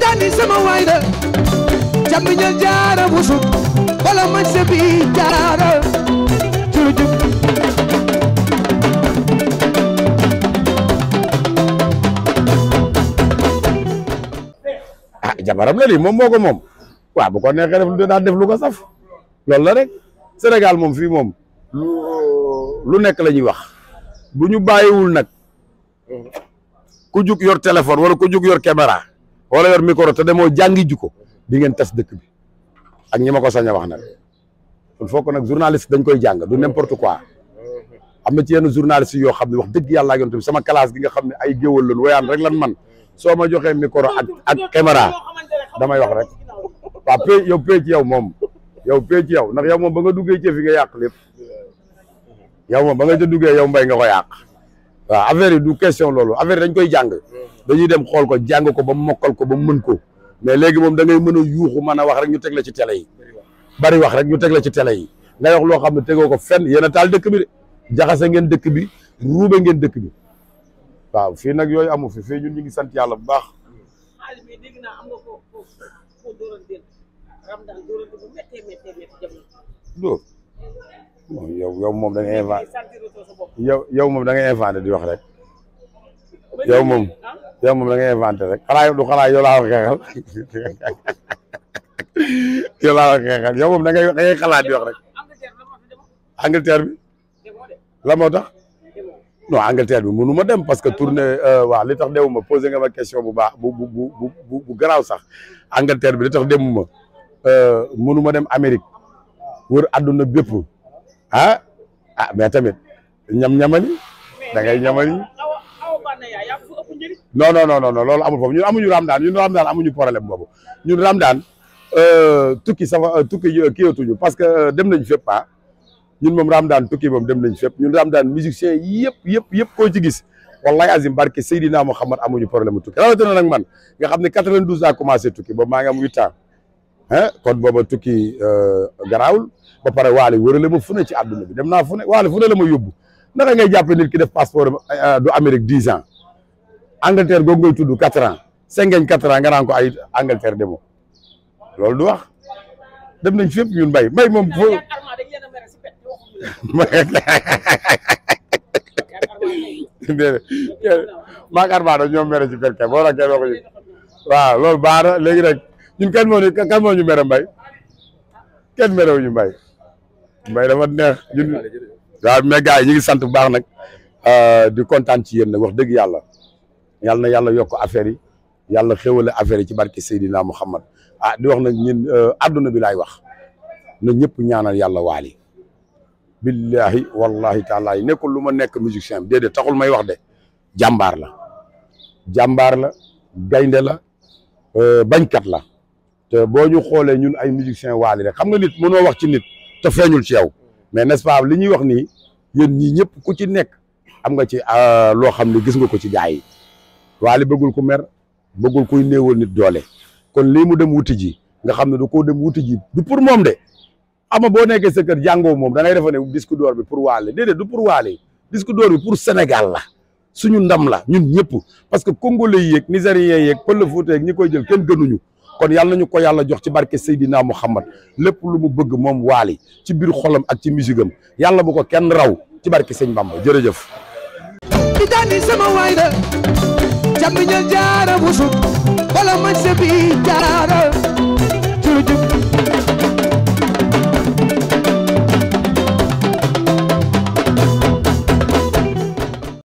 dani sama waay da jàmm jaara wusu wala ma se jaara jurujub ah jabaram la lii moom moo ko moom waaw bu ko neexee def lu saf loolu la rek Sénégal moom fii moom lu nekk la ñuy wax bu ñu bàyyiwul nag ku jug yor téléphone wala ku jug yor kamera wala yor micro te demoo jàngi ji ko di ngeen tas dëkk bi ak ñi ma ko sañ a wax nag il nag journaliste dañ koy jàng du n'importe quoi am na ci yenn journaliste yoo xam ne wax dëgg yàlla ak yonent bi sama classe gi nga xam ne ay géwal lan woyaan rek lan man soo ma joxee micro ak ak caméra damay wax rek waaw pe yow pe ci yow moom yow pe ci yow ndax yow moom ba nga duggee ci fi nga yàq lépp yow moom ba nga ca duggee yow mbay nga ko yàq waaw affaire yi du question loolu affaire dañ koy jàng mm-hmm. dañuy dem xool ko jàng ko ba mokkal ko ba mën ko mais léegi moom da ngay mën a yuuxu mën a wax rek ñu teg ci télé yi bari wax rek ñu teg la ci télé yi ngay wax loo xam ne tegoo ko fenn yéen a taal dëkk bi de jaxase ngeen dëkk bi ruube ngeen dëkk bi waaw fii nag yooyu amu fi fii ñun ñu ngi sant yàlla bu baax. moom yow yow moom da ngay inventé yow yow moom da ngay inventé di wax rek ah? yow moom yow moom da ngay inventé rek xanaa du xanaa yow laa moom da ngay xalaat di wax rek Angleterre bi la moo tax non Angleterre bi mënu dem parce que tournée euh, waaw li tax demuma posé nga ma bu baax bu bu sax Angleterre bi li tax demuma euh, mënu dem Amérique wër àdduna bépp. ah ah mais tamit ñam-ñamali da ngay ñamali non non non non loolu amul foofu ñun amuñu Ramadaan ñun amuñu problème boobu ñun daan euh, tukki safa euh, tukki euh, kiiatuñu parce que dem nañ fépp ah ñun moom Ramadaan tukki moom dem nañ fépp ñun Ramadaan musicien yëpp yëpp yëpp koo ci gis wallahi azim barke Seydina Mouhamad amuñu problème tukki rawatina nag man nga xam ne 92 laa commencé tukki boobu maa ngi am 8 ah kon booba tukki euh, garaawul ba pare waale wërale ma fu ne ci àdduna bi dem naa fu ne waale fu ne la ma yóbbu naka ngay jàppe nit ki def passeport euh, du Amérique dix an Angleterre googu ngay tudd quatre ans cinquante quatre ans nga naan ko ay Angleterre demoo loolu du wax dem nañ fépp ñun mbay mbay moom fo maa Armando ñoom mere ci perke boo la kenn waxu waaw loolu ñun kan moo ñu kan moo ñu mere mbay kenn merewu mbay mbay dama neex ñun waaw mais gars yi sant bu baax nag euh, di kontaan ci yéen wax dëgg yàlla yàlla na yàlla yokk affaire yi yàlla xéwale affaire yi ci barke Seydina Muhammad ah di wax na ñun adduna euh, bi laay wax na ñëpp ñaanal yàlla waali billahi wallahi taala yi nekkul lu ma nekk musicien bi déedéet taxul may wax de jàmbaar la jàmbaar la gaynde la euh, bañkat la te boo ñu xoolee ñun ay musicien waali rek xam nga nit noo wax ci nit te feeñul ci yow mais n'est-ce pas li ñuy wax nii yéen ñii ñëpp ku ci nekk am nga ci euh, loo xam ne gis nga ko ci gaa yi waali bëggul ku mer bëggul kuy néewal nit doole kon lii mu dem wuti ji nga xam ne du ko dem wuti ji du pour moom de ama boo nekkee sa kër jàngoo moom da ngay defe ne disque d'or bi pour waale déedéet du pour waale disque d'or bi pour Sénégal la suñu ndam la ñun ñëpp parce que congolais yi yeeg nigériens yeeg pël Fuuta yeeg koy jël kenn gënuñu kon yàlla nañu ko yàlla jox ci barke Seydina Muhammad lépp lu mu bëgg moom waali ci biir xolam ak ci musigam yàlla bu ko kenn raw ci barke Sëñ Bamba jërëjëf i daani sama waay da jàmm jaara busub wala mañ jaara